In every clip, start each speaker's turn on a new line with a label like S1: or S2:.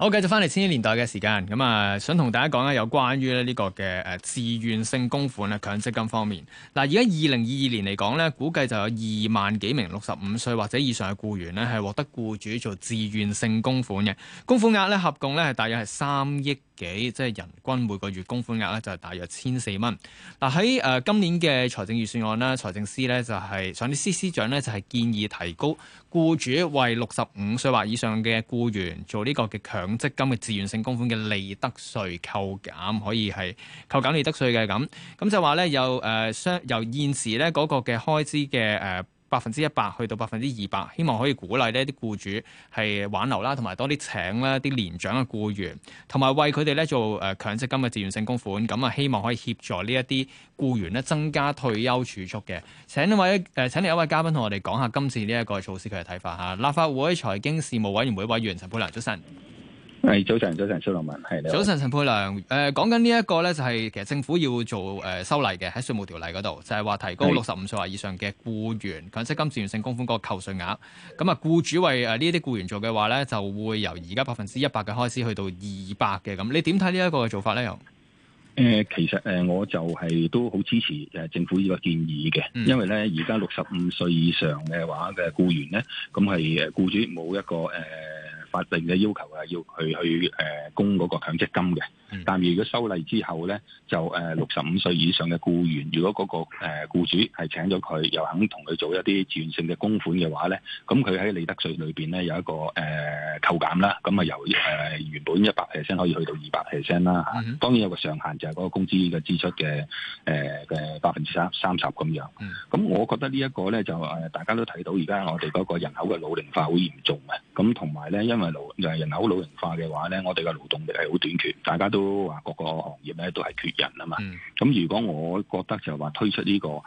S1: 好，繼續翻嚟千禧年代嘅時間，咁啊，想同大家講咧，有關於咧呢個嘅誒自願性供款啊，強積金方面。嗱，而家二零二二年嚟講咧，估計就有二萬幾名六十五歲或者以上嘅僱員咧，係獲得僱主做自願性供款嘅，供款額咧合共咧係大約係三億。幾即係人均每個月供款額咧，就係大約千四蚊。嗱喺，誒今年嘅財政預算案咧，財政司咧就係、係、上啲司司長咧就係建議提高僱主為六十五歲或以上嘅僱員做呢個嘅強積金嘅自願性供款嘅利得稅扣減，可以係扣減利得稅嘅。咁。咁就話咧由誒、呃、由現時呢嗰個嘅開支嘅誒。呃百分之一百去到百分之二百，希望可以鼓勵呢啲僱主係挽留啦，同埋多啲請啦啲年長嘅僱員，同埋為佢哋咧做誒強積金嘅自願性供款，咁啊希望可以協助呢一啲僱員咧增加退休儲蓄嘅。請呢位誒、呃、請另一位嘉賓同我哋講下今次呢一個措施佢嘅睇法嚇。立法會財經事務委員會委員陳沛良，早晨。
S2: 係早晨，早晨，蘇立文係早晨，
S1: 陳沛良。誒、呃，講緊呢一個咧，就係其實政府要做誒、呃、修例嘅，喺稅務條例嗰度就係、是、話提高六十五歲以上嘅僱員強積金自願性供款個扣稅額。咁啊，僱主為誒呢啲僱員做嘅話咧，就會由而家百分之一百嘅開支去到二百嘅咁。你點睇呢一個嘅做法咧？又、
S2: 呃、誒，其實誒、呃，我就係都好支持誒、呃、政府呢個建議嘅、嗯，因為咧而家六十五歲以上嘅話嘅僱員咧，咁係誒僱主冇一個誒。呃法定嘅要求係要去去誒、呃、供嗰個強積金嘅，但如果修例之後咧，就誒六十五歲以上嘅僱員，如果嗰、那個誒、呃、僱主係請咗佢，又肯同佢做一啲自願性嘅供款嘅話咧，咁佢喺利得稅裏邊咧有一個誒、呃、扣減啦，咁啊由誒、呃、原本一百 percent 可以去到二百 percent 啦嚇，當然有個上限就係嗰個工資嘅支出嘅誒嘅百分之三三十，咁樣，咁我覺得呢一個咧就誒、呃、大家都睇到而家我哋嗰個人口嘅老齡化好嚴重嘅，咁同埋咧因因為勞人口老齡化嘅話咧，我哋嘅勞動力係好短缺，大家都話各個行業咧都係缺人啊嘛。咁、嗯、如果我覺得就話推出呢個誒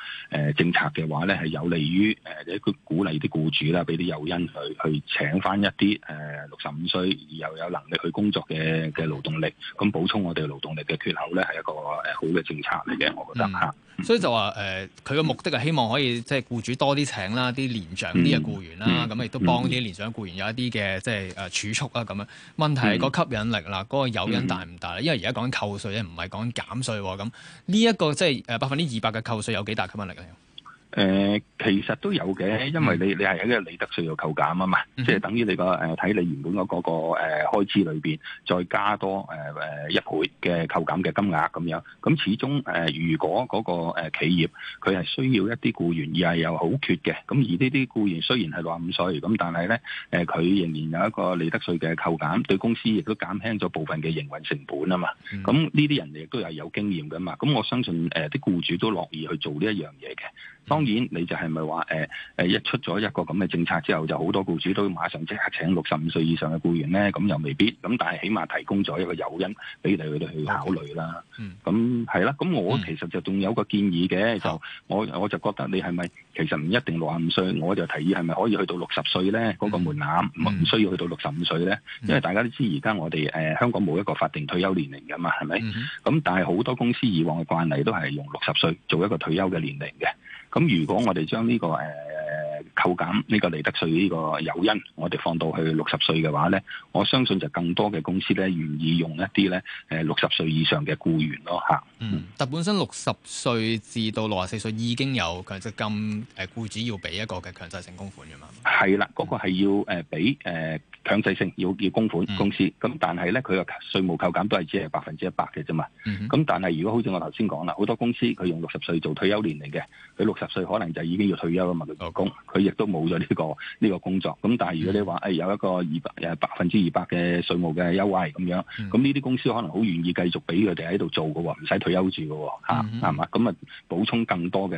S2: 政策嘅話咧，係有利於誒，或者佢鼓勵啲僱主啦，俾啲誘因去去請翻一啲誒六十五歲而又有能力去工作嘅嘅勞動力，咁補充我哋勞動力嘅缺口咧，係一個誒好嘅政策嚟嘅，我覺得吓、嗯嗯。
S1: 所以就話誒，佢、呃、嘅、嗯、目的係希望可以即係僱主多啲請啦，啲年長啲嘅僱員啦，咁、嗯、亦都幫啲年長僱員有一啲嘅、嗯、即係。儲蓄啊，咁樣問題係個吸引力啦，嗰、嗯嗰個誘因大唔大咧？因為而家講緊扣稅咧，唔係講減稅喎。咁呢一個即係誒百分之二百嘅扣稅有幾大吸引力啊？
S2: 誒、呃，其實都有嘅，因為你你係一個利得稅嘅扣減啊嘛，即、嗯、係、就是、等於你個誒睇你原本嗰、那個個誒、呃、開支裏邊，再加多誒誒、呃、一倍嘅扣減嘅金額咁樣。咁始終誒，如果嗰個誒企業佢係需要一啲雇員，而係有好缺嘅，咁而呢啲雇員雖然係六十五歲，咁但係咧，誒、呃、佢仍然有一個利得稅嘅扣減，對公司亦都減輕咗部分嘅營運成本啊嘛。咁呢啲人亦都係有經驗噶嘛，咁我相信誒啲雇主都樂意去做呢一樣嘢嘅。當然，你就係咪話誒一出咗一個咁嘅政策之後，就好多雇主都馬上即刻請六十五歲以上嘅雇員咧？咁又未必。咁但係起碼提供咗一個誘因俾你佢哋去考慮啦。咁、okay. 係、嗯嗯、啦。咁我其實就仲有個建議嘅，就我我就覺得你係咪其實唔一定六十五歲？我就提議係咪可以去到六十歲咧？嗰、那個門檻唔、嗯、需要去到六十五歲咧、嗯。因為大家都知而家我哋誒、呃、香港冇一個法定退休年齡㗎嘛，係咪？咁、嗯、但係好多公司以往嘅慣例都係用六十歲做一個退休嘅年齡嘅。咁如果我哋將呢個誒，扣減呢個利得稅呢個誘因，我哋放到去六十歲嘅話咧，我相信就更多嘅公司咧願意用一啲咧誒六十歲以上嘅僱員咯嚇。嗯，
S1: 但本身六十歲至到六十四歲已經有強積金誒僱主要俾一個嘅強制性供款嘅
S2: 嘛。係啦，嗰、嗯那個係要誒俾誒強制性要要供款公司，咁、嗯、但係咧佢個稅務扣減都係只係百分之一百嘅啫嘛。咁、嗯、但係如果好似我頭先講啦，好多公司佢用六十歲做退休年齡嘅，佢六十歲可能就已經要退休啊嘛，佢做工亦都冇咗呢個呢個工作，咁但係如果你話誒有一個二百誒百分之二百嘅稅務嘅優惠咁樣，咁呢啲公司可能好願意繼續俾佢哋喺度做嘅喎，唔使退休住嘅喎嚇係嘛？咁、嗯、啊補充更多嘅誒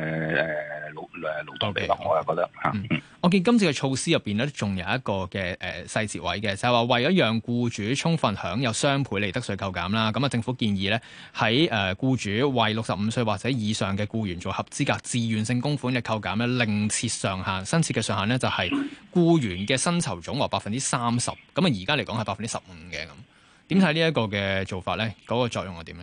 S2: 老誒勞多 labour 我又覺得嚇、
S1: 嗯。我見今次嘅措施入邊咧，仲有一個嘅誒細節位嘅，就係、是、話為咗讓僱主充分享有雙倍利得稅扣減啦，咁啊政府建議咧喺誒僱主為六十五歲或者以上嘅僱員做合資格、自願性供款嘅扣減咧，另設上限。新設嘅上限咧，就係僱員嘅薪酬總額百分之三十。咁啊，而家嚟講係百分之十五嘅咁。點睇呢一個嘅做法咧？嗰、那個作用係點樣？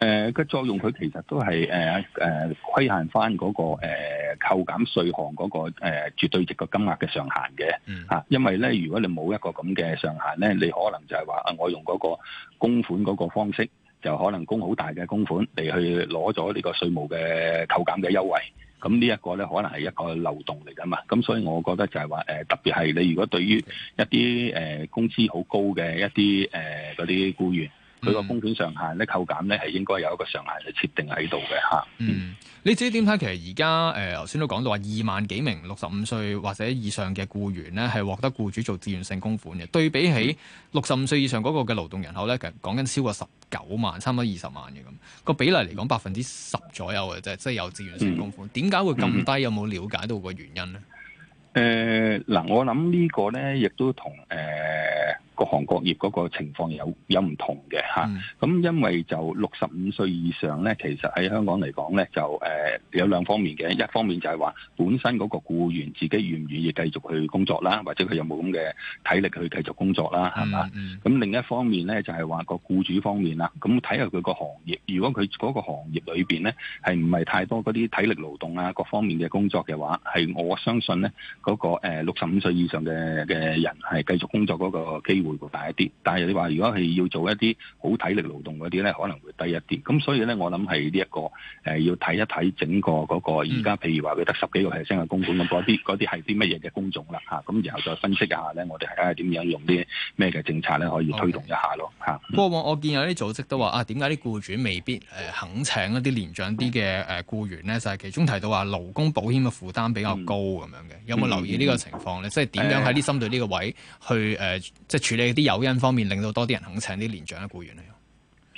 S2: 誒、呃，個作用佢其實都係誒誒規限翻嗰、那個、呃、扣減稅項嗰個誒、呃、絕對值嘅金額嘅上限嘅嚇、嗯。因為咧，如果你冇一個咁嘅上限咧，你可能就係話啊，我用嗰個供款嗰個方式，就可能供好大嘅供款嚟去攞咗呢個稅務嘅扣減嘅優惠。咁呢一個咧，可能係一個漏洞嚟㗎嘛。咁所以我覺得就係話，誒、呃，特別係你如果對於一啲誒、呃、工資好高嘅一啲誒嗰啲僱員。佢個風險上限咧，扣減咧係應該有一個上限係設定喺度嘅吓。嗯，
S1: 你至於點睇？其實而家誒，頭先都講到話二萬幾名六十五歲或者以上嘅僱員咧，係獲得僱主做自願性供款嘅。對比起六十五歲以上嗰個嘅勞動人口咧，其實講緊超過十九萬，差唔多二十萬嘅咁個比例嚟講，百分之十左右嘅啫，即、就、係、是、有自願性供款。點、嗯、解會咁低？嗯、有冇了解到個原因咧？誒、
S2: 呃，嗱，我諗呢個咧亦都同誒。呃各行各業嗰個情況有有唔同嘅吓，咁、嗯、因為就六十五歲以上咧，其實喺香港嚟講咧，就誒、呃、有兩方面嘅，一方面就係話本身嗰個僱員自己願唔願意繼續去工作啦，或者佢有冇咁嘅體力去繼續工作啦，係、嗯、嘛？咁、嗯、另一方面咧就係話個僱主方面啦，咁睇下佢個行業，如果佢嗰個行業裏邊咧係唔係太多嗰啲體力勞動啊各方面嘅工作嘅話，係我相信咧嗰個誒六十五歲以上嘅嘅人係繼續工作嗰個機會。會大一啲，但係你話如果係要做一啲好體力勞動嗰啲咧，可能會低一啲。咁所以咧，我諗係呢一個誒、呃，要睇一睇整個嗰、那個而家，譬如話佢得十幾個 percent 嘅公館咁嗰啲，嗰啲係啲乜嘢嘅工種啦嚇。咁、啊啊、然後再分析一下咧，我哋睇下點樣用啲咩嘅政策咧，可以推動一下咯嚇。Okay.
S1: 啊、不過往我見有啲組織都話啊，點解啲僱主未必誒、呃、肯請一啲年長啲嘅誒僱員咧、嗯？就係、是、其中提到話勞工保險嘅負擔比較高咁、嗯、樣嘅。有冇留意呢個情況咧？即係點樣喺啲針對呢個位去誒，即、嗯、係、呃呃嘅啲誘因方面，令到多啲人肯請啲年長嘅雇員咧。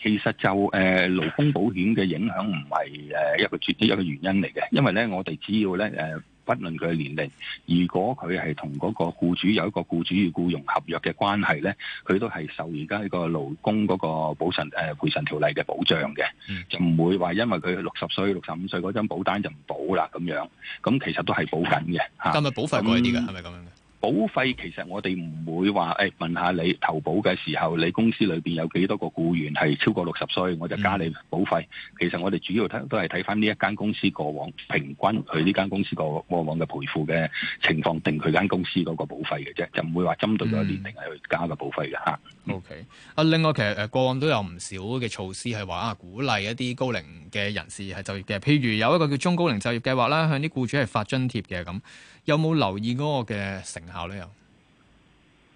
S2: 其實就誒、呃、勞工保險嘅影響唔係誒一個絕對一個原因嚟嘅，因為咧我哋只要咧誒、呃、不論佢嘅年齡，如果佢係同嗰個雇主有一個雇主與僱傭合約嘅關係咧，佢都係受而家呢個勞工嗰個補償誒賠償條例嘅保障嘅，就、嗯、唔會話因為佢六十歲、六十五歲嗰張保單就唔保啦咁樣。咁其實都係保緊嘅嚇。係、嗯、咪、啊、保費貴啲㗎？係咪咁樣？保費其實我哋唔會話，誒、欸、問下你投保嘅時候，你公司裏邊有幾多個僱員係超過六十歲，我就加你保費、嗯。其實我哋主要睇都係睇翻呢一間公司過往平均，佢呢間公司過往嘅賠付嘅情況，定佢間公司嗰個保費嘅啫，就唔會話針對咗年齡係、嗯、去加個保費嘅吓。O K，啊
S1: ，okay。另外其實誒過往都有唔少嘅措施係話啊，鼓勵一啲高齡嘅人士係就業嘅，譬如有一個叫中高齡就業計劃啦，向啲僱主係發津貼嘅咁。有冇留意嗰個嘅成效咧？又？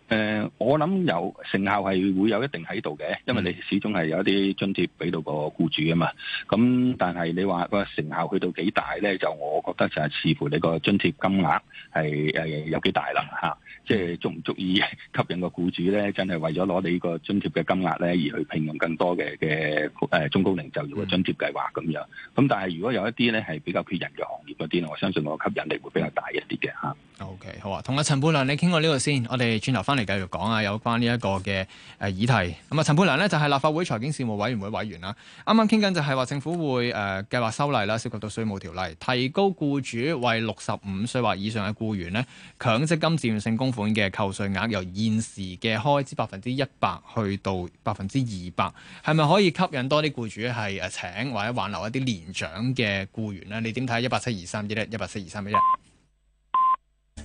S2: 誒、呃，我諗有成效係會有一定喺度嘅，因為你始終係有一啲津貼俾到個僱主啊嘛。咁、嗯、但係你話個成效去到幾大咧，就我覺得就係視乎你個津貼金額係誒、呃、有幾大啦吓。即、啊、係、就是、足唔足以吸引個僱主咧，真係為咗攞你呢個津貼嘅金額咧，而去聘用更多嘅嘅誒中高齡就業嘅津貼計劃咁樣。咁、嗯嗯嗯、但係如果有一啲咧係比較缺人嘅行業嗰啲，我相信個吸引力會比較大一啲嘅吓。OK，好啊，
S1: 同阿陳沛良你傾過呢、這個先，我哋轉頭翻。嚟繼續講啊，有關呢一個嘅誒議題。咁啊，陳沛良呢，就係立法會財經事務委員會委員啦。啱啱傾緊就係話政府會誒計劃修例啦，涉及到稅務條例，提高僱主為六十五歲或以上嘅僱員咧，強積金自願性供款嘅扣稅額由現時嘅開支百分之一百去到百分之二百，係咪可以吸引多啲僱主係誒請或者挽留一啲年長嘅僱員呢？你點睇？一百七二三啲咧，一百七二三啲咧。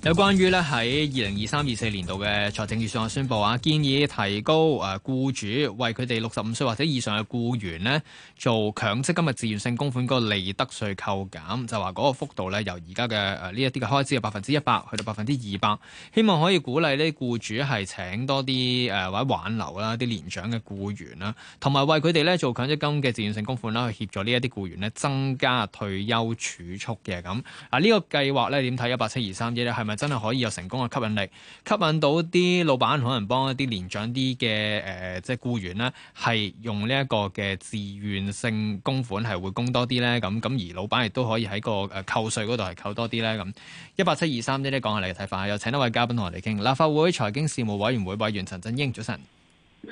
S1: 有關於咧喺二零二三二四年度嘅財政預算案宣佈啊，建議提高誒雇主為佢哋六十五歲或者以上嘅僱員咧做強積金嘅自願性供款嗰個利得稅扣減，就話嗰個幅度咧由而家嘅呢一啲嘅開支嘅百分之一百去到百分之二百，希望可以鼓勵啲僱主係請多啲誒、呃、或者挽留啦啲年長嘅僱員啦，同埋為佢哋咧做強積金嘅自願性供款啦，去協助呢一啲僱員咧增加退休儲蓄嘅咁啊呢、呢個計劃咧點睇？一百七二三一咧係。係咪真係可以有成功嘅吸引力，吸引到啲老闆可能幫一啲年長啲嘅，誒，即係僱員咧，係用呢一個嘅自願性供款，係會供多啲呢。咁咁而老闆亦都可以喺個誒扣稅嗰度係扣多啲呢。咁一八七二三呢啲講下你嘅睇法，又請一位嘉賓同我哋傾，立法會財經事務委員會委員陳振英，早晨。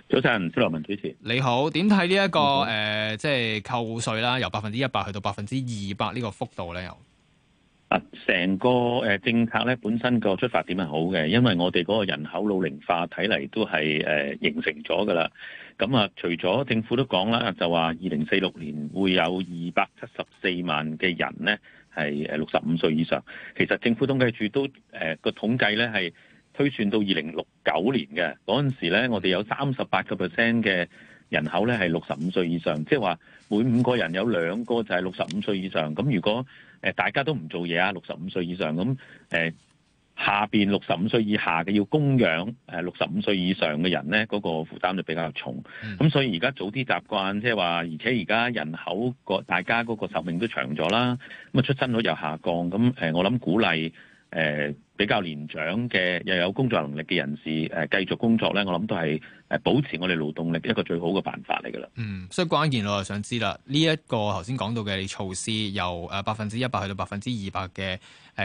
S1: 早
S3: 晨，朱樂文主持。
S1: 你好，點睇，這個呃就是，呢一個誒，即係扣稅啦？由百分之一百去到百分之二百呢個幅度呢。又
S3: 啊！成個政策咧，本身個出發點係好嘅，因為我哋嗰個人口老齡化睇嚟都係誒形成咗噶啦。咁啊，除咗政府都講啦，就話二零四六年會有二百七十四萬嘅人咧係誒六十五歲以上。其實政府統計處都誒個統計咧係推算到二零六九年嘅嗰陣時咧，我哋有三十八個 percent 嘅。人口咧係六十五歲以上，即係話每五個人有兩個就係六十五歲以上。咁如果、呃、大家都唔做嘢啊，六十五歲以上咁、呃、下邊六十五歲以下嘅要供養呃六十五歲以上嘅人咧，嗰、嗰個負擔就比較重。咁、嗯嗯、所以而家早啲習慣，即係話而且而家人口大家嗰個壽命都長咗啦，咁啊出生率又下降，咁、呃、我諗鼓勵。誒、呃、比較年長嘅又有工作能力嘅人士誒、呃、繼續工作咧，我諗都係誒保持我哋勞動力一個最好嘅辦法嚟㗎啦。嗯，所以關鍵我就想知啦，呢、這、一個頭先講到嘅
S1: 措施由誒百分之一百去到百分之二百嘅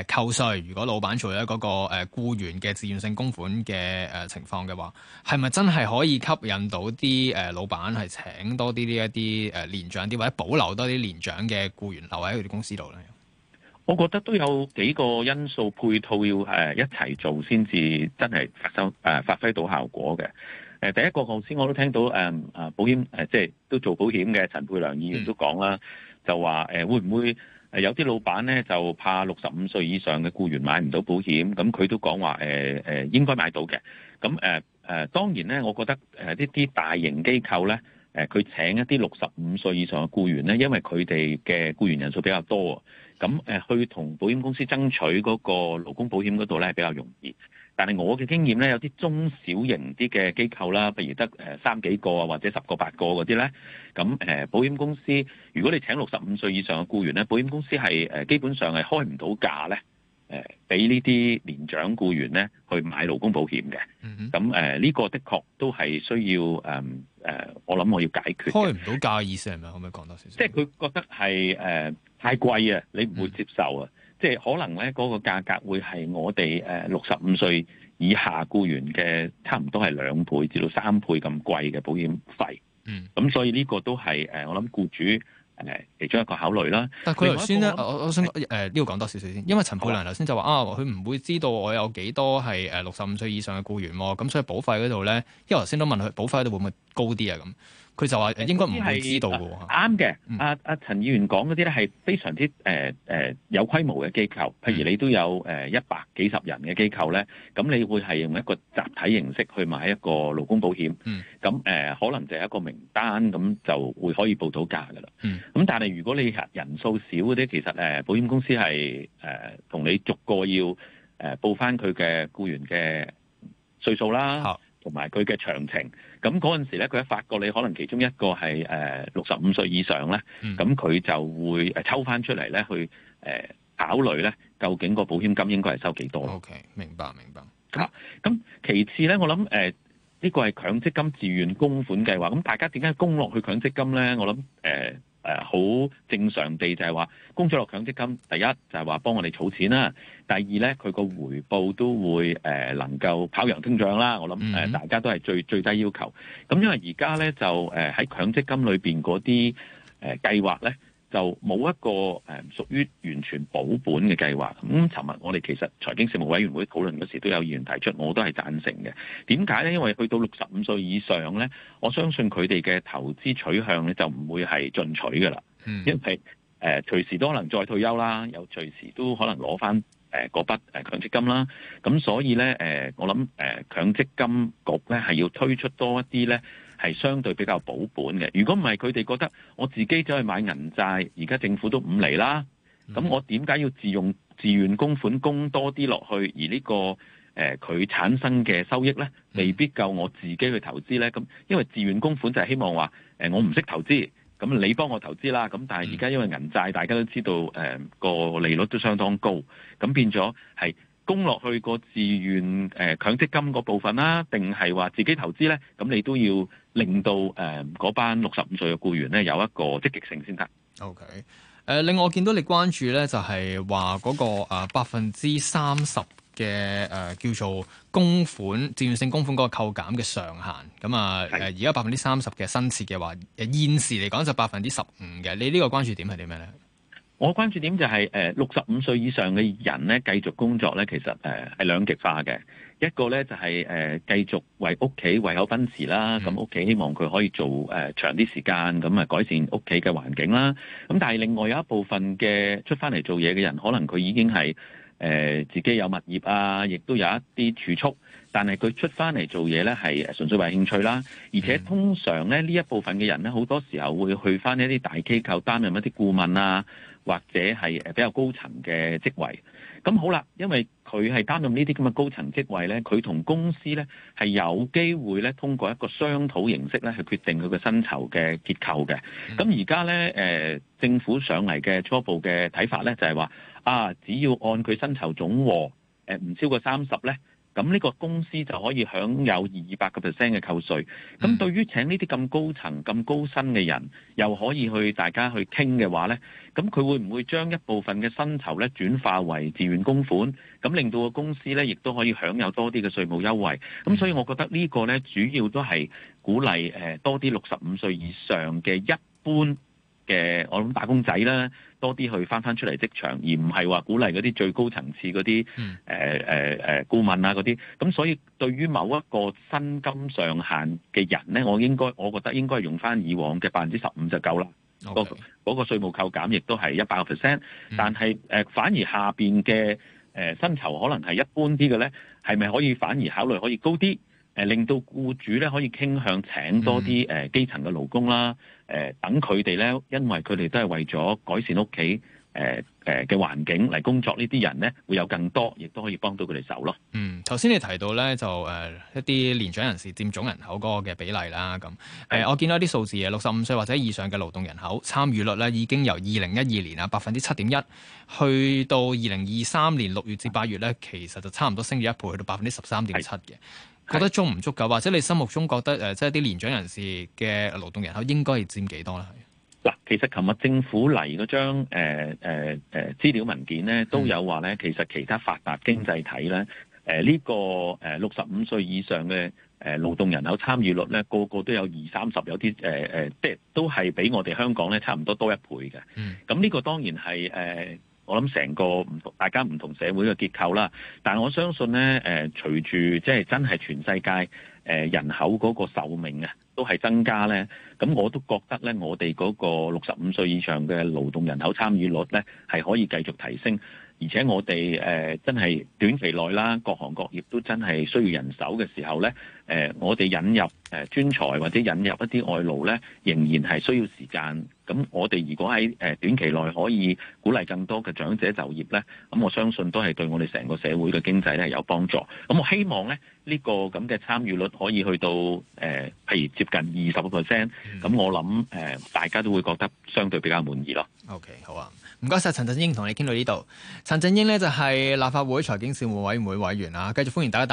S1: 誒扣稅，如果老闆做咗嗰個誒僱員嘅自願性供款嘅誒情況嘅話，係咪真係可以吸引到啲誒老闆係請多啲呢一啲誒年長啲或者保留多啲年長嘅僱員留喺佢哋公司度咧？
S3: 我覺得都有幾個因素配套要誒、呃、一齊做，先至真係發生誒、呃、發揮到效果嘅。誒、呃，第一個，頭先我都聽到誒啊、呃、保險誒、呃，即係都做保險嘅陳沛良議員都講啦、嗯，就話誒、呃、會唔會誒有啲老闆咧就怕六十五歲以上嘅僱員買唔到保險，咁佢都講話誒誒應該買到嘅。咁誒誒，當然咧，我覺得誒呢啲大型機構咧誒，佢、呃、請一啲六十五歲以上嘅僱員咧，因為佢哋嘅僱員人數比較多。咁誒去同保險公司爭取嗰個勞工保險嗰度咧比較容易，但係我嘅經驗咧，有啲中小型啲嘅機構啦，譬如得誒三幾個或者十個八個嗰啲咧，咁誒保險公司如果你請六十五歲以上嘅僱員咧，保險公司係誒基本上係開唔到價咧，誒俾呢啲年長僱員咧去買勞工保險嘅。嗯哼，咁誒呢個的確都係需要誒誒、呃，我諗我要解決。開唔到價嘅意思係咪？可唔可以講多少少？即係佢覺得係誒。呃太貴啊！你唔會接受啊、嗯！即係可能咧，嗰個價格會係我哋誒六十五歲以下僱員嘅差唔多係兩倍至到三倍咁貴嘅保險費。嗯，咁所以呢個都係誒我諗僱主誒其中一個考慮啦。但佢頭先咧，我
S1: 想、欸、我想誒呢度講多少少先，因為陳沛良頭先就話啊，佢唔會知道我有幾多係誒六十五歲以上嘅僱員喎，咁所以保費嗰度咧，因為頭先都問佢保費嗰度
S3: 會唔會高啲啊咁。佢就話應該唔係知道啱嘅。阿阿陳議員講嗰啲咧係非常之誒誒有規模嘅機構，譬如你都有誒、呃、一百幾十人嘅機構咧，咁你會係用一個集體形式去買一個勞工保險。咁、嗯、誒、呃、可能就係一個名單，咁就會可以報到價㗎喇。咁、嗯、但係如果你人數少嗰啲，其實誒保險公司係誒同你逐個要誒報返佢嘅僱員嘅歲數啦。同埋佢嘅詳情，咁嗰陣時咧，佢一發覺你，可能其中一個係誒六十五歲以上咧，咁、嗯、佢就會抽翻出嚟咧，去誒、呃、考慮咧，究竟個保險金應該係收幾多？O K，明白明白。咁、啊、其次咧，我諗呢、呃這個係強積金自願供款計劃，咁大家點解供落去強積金咧？我諗誒、呃、好正常地就係話工作落強積金，第一就係、是、話幫我哋儲錢啦、啊，第二咧佢個回報都會誒、呃、能夠跑贏通脹啦。我諗、呃、大家都係最最低要求。咁因為而家咧就誒喺強積金裏面嗰啲誒計劃咧。就冇一個屬於完全保本嘅計劃。咁尋日我哋其實財經事務委員會討論嗰時候都有議員提出，我都係贊成嘅。點解咧？因為去到六十五歲以上咧，我相信佢哋嘅投資取向咧就唔會係進取㗎啦、嗯。因為誒、呃、隨時都可能再退休啦，又隨時都可能攞返誒嗰筆誒強積金啦。咁所以咧誒、呃，我諗誒、呃、強積金局咧係要推出多一啲咧。係相對比較保本嘅。如果唔係佢哋覺得我自己走去買銀債，而家政府都唔嚟啦，咁我點解要自用、自願供款供多啲落去，而呢、呢個誒佢、呃、產生嘅收益呢，未必夠我自己去投資呢？咁因為自願供款就係希望話誒、呃、我唔識投資，咁你幫我投資啦。咁但係而家因為銀債大家都知道誒個、呃、利率都相當高，咁變咗係。供落去個自願誒強積金個部分啦，定係話自己投資咧？咁你都要令到誒嗰班六十五歲嘅雇員咧有一個積極性先得。
S1: OK，誒另外我見到你關注咧就係話嗰個百分之三十嘅誒叫做供款、自願性供款嗰個扣減嘅上限。咁啊而家百分之三十嘅新設嘅話，誒現時嚟講就百分之十五嘅。你呢個關注點係啲咩咧？
S3: 我關注點就係誒六十五歲以上嘅人咧，繼續工作咧，其實誒係、呃、兩極化嘅。一個咧就係、是、誒、呃、繼續為屋企胃口奔馳啦，咁屋企希望佢可以做誒、呃、長啲時間，咁啊改善屋企嘅環境啦。咁但係另外有一部分嘅出翻嚟做嘢嘅人，可能佢已經係誒、呃、自己有物業啊，亦都有一啲儲蓄，但係佢出翻嚟做嘢咧係純粹為興趣啦。而且通常咧呢一部分嘅人咧，好多時候會去翻一啲大機構擔任一啲顧問啊。或者係誒比較高層嘅職位，咁好啦，因為佢係擔任呢啲咁嘅高層職位咧，佢同公司咧係有機會咧通過一個商討形式咧，去決定佢嘅薪酬嘅結構嘅。咁而家咧誒政府上嚟嘅初步嘅睇法咧，就係、是、話啊，只要按佢薪酬總和誒唔、呃、超過三十咧。咁呢個公司就可以享有二百個 percent 嘅扣稅。咁對於請呢啲咁高層、咁高薪嘅人，又可以去大家去傾嘅話呢，咁佢會唔會將一部分嘅薪酬呢轉化為自願供款？咁令到個公司呢亦都可以享有多啲嘅稅務優惠。咁所以我覺得呢個呢主要都係鼓勵誒多啲六十五歲以上嘅一般。嘅，我諗打工仔啦，多啲去翻返出嚟職場，而唔係話鼓勵嗰啲最高層次嗰啲誒誒誒顧問啊嗰啲。咁所以對於某一個薪金上限嘅人咧，我應該我覺得應該用翻以往嘅百分之十五就夠啦。嗰、okay. 嗰個稅務扣減亦都係一百個 percent，但係誒、呃、反而下邊嘅誒薪酬可能係一般啲嘅咧，係咪可以反而考慮可以高啲？誒令到僱主咧可以傾向請多啲誒基層嘅勞工啦。誒、嗯、等佢哋咧，因為佢哋都係為咗改善屋企誒誒嘅環境嚟工作這些人，呢啲人咧會有更多，亦都可以幫到佢哋手咯。嗯，
S1: 頭先你提到咧，就誒、呃、一啲年長人士佔總人口嗰個嘅比例啦。咁誒、呃，我見到一啲數字，六十五歲或者以上嘅勞動人口參與率咧，已經由二零一二年啊百分之七點一，去到二零二三年六月至八月咧，其實就差唔多升咗一倍，去到百分之十三點七嘅。覺得足唔足夠，或者你心目中覺得誒、呃，即係啲年長人士嘅勞動人口應該係佔幾多咧？
S3: 嗱，其實琴日政府嚟嗰張誒誒誒資料文件咧，都有話咧，嗯、其實其他發達經濟體咧，誒、嗯、呢、呃呢個誒六十五歲以上嘅誒勞動人口參與率咧，個個都有二三十，有啲誒誒，即係都係比我哋香港咧差唔多多一倍嘅。咁、嗯、呢個當然係誒。呃我諗成個唔同，大家唔同社會嘅結構啦。但係我相信呢，誒隨住即係真係全世界誒人口嗰個壽命呀都係增加呢。咁我都覺得呢，我哋嗰個六十五歲以上嘅勞動人口參與率呢，係可以繼續提升。而且我哋誒真係短期內啦，各行各業都真係需要人手嘅時候呢，誒我哋引入誒專才或者引入一啲外勞呢，仍然係需要時間。咁我哋如果喺誒短期內可以鼓勵更多嘅長者就業呢，咁我相信都係對我哋成個社會嘅經濟咧有幫助。咁我希望呢呢、呢個咁嘅參與率可以去到誒、呃、譬如，接近二十個 percent。咁我諗誒、呃、大家都會覺得相對比較滿意咯。OK，
S1: 好啊，唔該晒陳振英，同你傾到呢度。陳振英咧就係、是、立法會財經事務委員會委員啊，繼續歡迎大家。